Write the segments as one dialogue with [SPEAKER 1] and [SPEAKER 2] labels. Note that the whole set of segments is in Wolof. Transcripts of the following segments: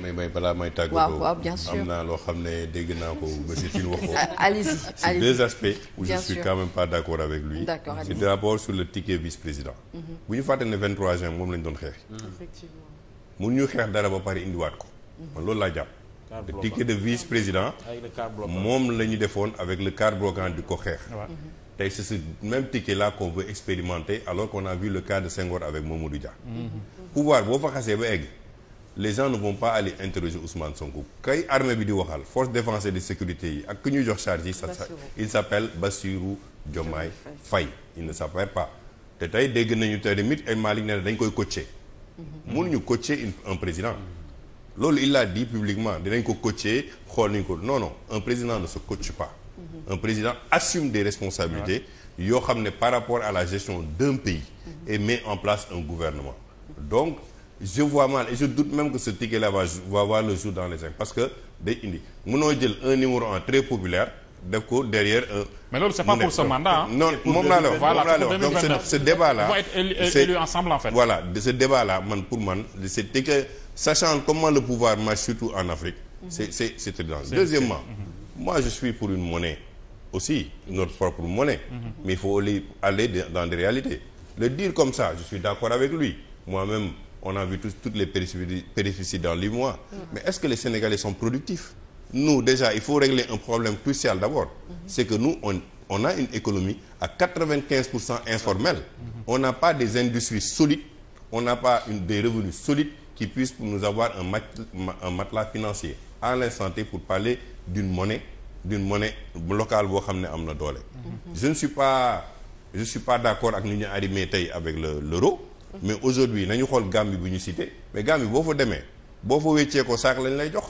[SPEAKER 1] mais mais balaa may tàggatoo waaw am naa loo xam ne dégg naa ko monsieur Tine wax ko. Ah, allez-y allez-y deux aspects. où je suis quand même pas d'accord avec lui. d'accord c'est d'abord sur le ticket vice-président. Mhm. bu ñu fàttali ne 23 juin moom lañ doon xeex. Mm. effectivement mun ñu xeex dara ba pare indiwaat ko. Mhm. man loolu laa jàpp. le ticket de vice-président. Ah, moom lañu defoon avec le car bloquant di ko xeex. Mhm. tey c'est ce même ticket là qu'on veut expérimenter alors qu'on a vu le cas de les gens ne vont pas aller interroger Ousmane Sonko kay armée bi di waxal force défense et de sécurité yi ak ku ñuy jox charge yi. il s'appelle Bassirou Diomaye Faye il ne s'appelle pas te tey dégg nañu te tamit El Malick ne dañ koy coacher. Mhm. ñu coacher un président. loolu il l'a dit publiquement dinañ ko coacher xool nañu ko non non un président ne se coache pas. Mhm. un président assume des responsabilités. yoo xam ne par rapport à la gestion d'un pays. Mhm. et met en place un gouvernement je vois mal et je doute même que ce ticket là va va voir le jour dans les cinq parce que day indi mënoo jël un numéro un très populaire ko derrière un. non moom laa la wax moom laa donc ce débat là. ce débat là man pour man c'est que sachant le pouvoir marche surtout en Afrique. Mhm. c'est c'est c'est très dangereux deuxièmement. Mhm. je suis pour une monnaie aussi notre propre monnaie. Mhm. mais il faut aller aller dans des réalités le dire comme je suis d'accord avec lui moi-même. on a vu tous toutes les péripéties dans l'UEMOA. Mm. mais est-ce que les Sénégalais sont productifs nous déjà il faut régler un problème crucial d'abord mm. c'est que nous on on a une économie à 95 pour cent informelle mhm. on n'a pas des industries solides on a pas une, des revenus solides qui puissent nous avoir un, mat, un matelas financier à l'instant T pour parler d'une monnaie d'une monnaie locale boo xam ne am na doole mhm. je ne suis pas je ne suis pas d'accord ak ni ñu arrivé tey avec l'euro mais aujourd'hui nañu xool Gambie bu ñu cité mais Gambie boo fa demee boo fa wéccee ko saak lañ lay jox.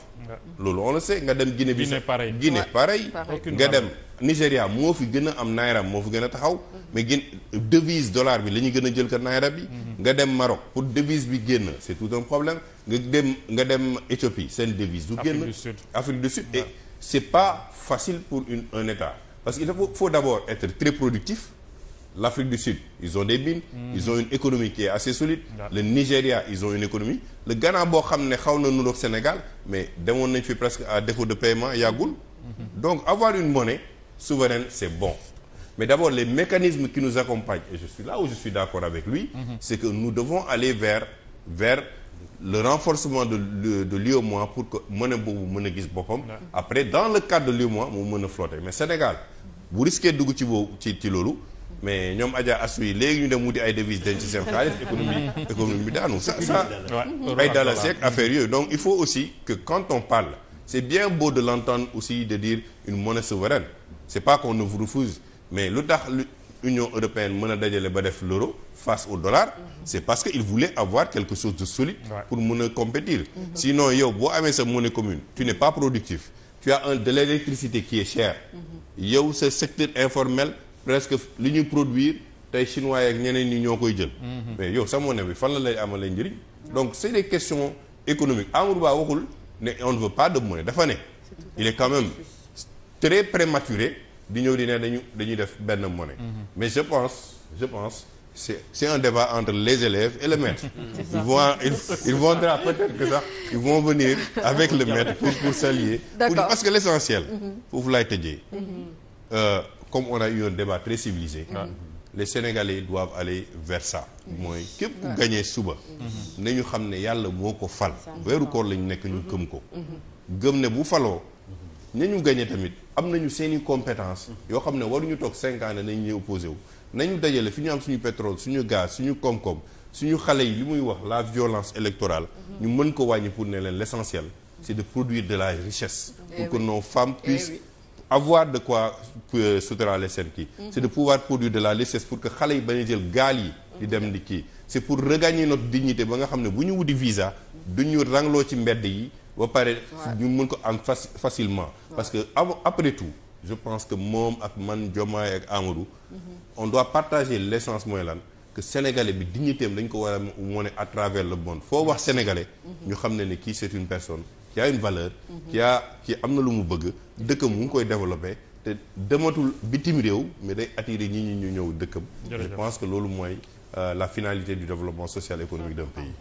[SPEAKER 1] loolu on se nga dem Guinée bi Guinée pareil Guinée pareil nga dem Nigéria moo fi gën a am naira moo fi gën a taxaw mm-hmm. mais gin devise dollar bi la ñu gën a jël ko naira bi mm-hmm. nga dem Maroc pour devise bi génn c'est tout un problème nga dem nga dem Éthiopie seen devise du génn Afrique du Sud et c'est pas facile pour une un État parce qu'il faut d'abord être très productif L'Afrique du Sud, ils ont des mines, mmh. ils ont une économie qui est assez solide. Yeah. Nigeria, ils ont une économie. Le Ghana boo xam ne xaw na nuroog Sénégal mais demoon nañ fi presque à défaut de paiement yàggul. Mmh. Donc avoir une monnaie souveraine, c'est bon. Mais d'abord les mécanismes qui nous accompagnent et je suis là où je suis d'accord avec lui, mmh. c'est que nous devons aller vers le renforcement de de, de l'UEMOA pour que monnaie boobu mën a gis boppam. après dans le cadre de l'UEMOA mu mën a flotter mais Sénégal bu dugg ci boobu ci ci loolu. mais ñoom Adja Assou yi léegi ñu dem wuti ay devises denc seen xaalis économie économie bi daanu ça ça ay dala seeg affaire yooyu donc il faut aussi que quand on parle c'est bien beau de l'entendre aussi de dire une monnaie souveraine c'est pas qu'on ne refuse mais lu tax Union européenne mën a dajale ba def l'euro face au dollar c'est parce que il voulait avoir quelque chose de solide pour mën a compétir sinon yow boo amee sa monnaie commune tu n'es pas productif tu as mm-hmm. yow sa presque li ñu produire tey chinois yeeg ñeneen ñi ñoo koy jël. Mhm. mais yow sa monnaie bi fan la lay amalee njëriñ. donc c'est des question économiques Amadou Ba waxul ne on ne veut pas de monnaie dafa ne. il est quand même très prématuré di ñëw di ne dañu dañuy def benn monnaie. Mhm. mais je pense je pense. c'est c'est un débat entre les élèves et le maître. ils vont ils, ils vont peut-être que sax ils vont venir avec le maître pour pour s'allier. parce que l'essentiel. Mhm. foofu laay tëjee. Euh, comme on a eu un débat très civilisé les Sénégalais doivent aller versa mooy képp ku gañee suba nañu xam ne yàlla moo ko fal weeru koor lañu nekk ñu gëm ko mhm. Mhm. gëm ne bu faloo nañu gañe tamit am nañu seeni compétence mhm. yoo xam ne waruñu toog cinq ans ne nañu ñuy opposé wu nañu dajale fi ñu am suñu pétrole suñu gaz suñu koom-koom suñu xale yi li muy wax la violence électorale ñu mën ko wàññi pour ne leen l'essentiel c'est de produire de la richesse eh pour que nos avoir de quoi suturaale seen kii c'est de pouvoir produire de la richesse pour que xale yi ba a jël gaal yi di dem di kii c'est pour regagner notre dignité ba nga xam ne bu ñu wuti visa du ñu rangloo ci mbedd yi ba pare ñu mën ko am fa facilement parce que après tout je pense que moom ak man Diomaye ak Amadou mhm. on doit partager l'essence mooy lan que sénégalais bi dignité am dañ ko war a wane à travers le monde foo wax sénégalais mhm. ñu xam ne ne kii c'est une personne qui a une valeur. qui a qui am na lu mu bëgg dëkkam mu ngi koy développé te dematul bitim réew mais day attirer ñi ñu ñëw dëkkam. je pense que loolu mooy euh, la finalité du développement social et économique d'un pays.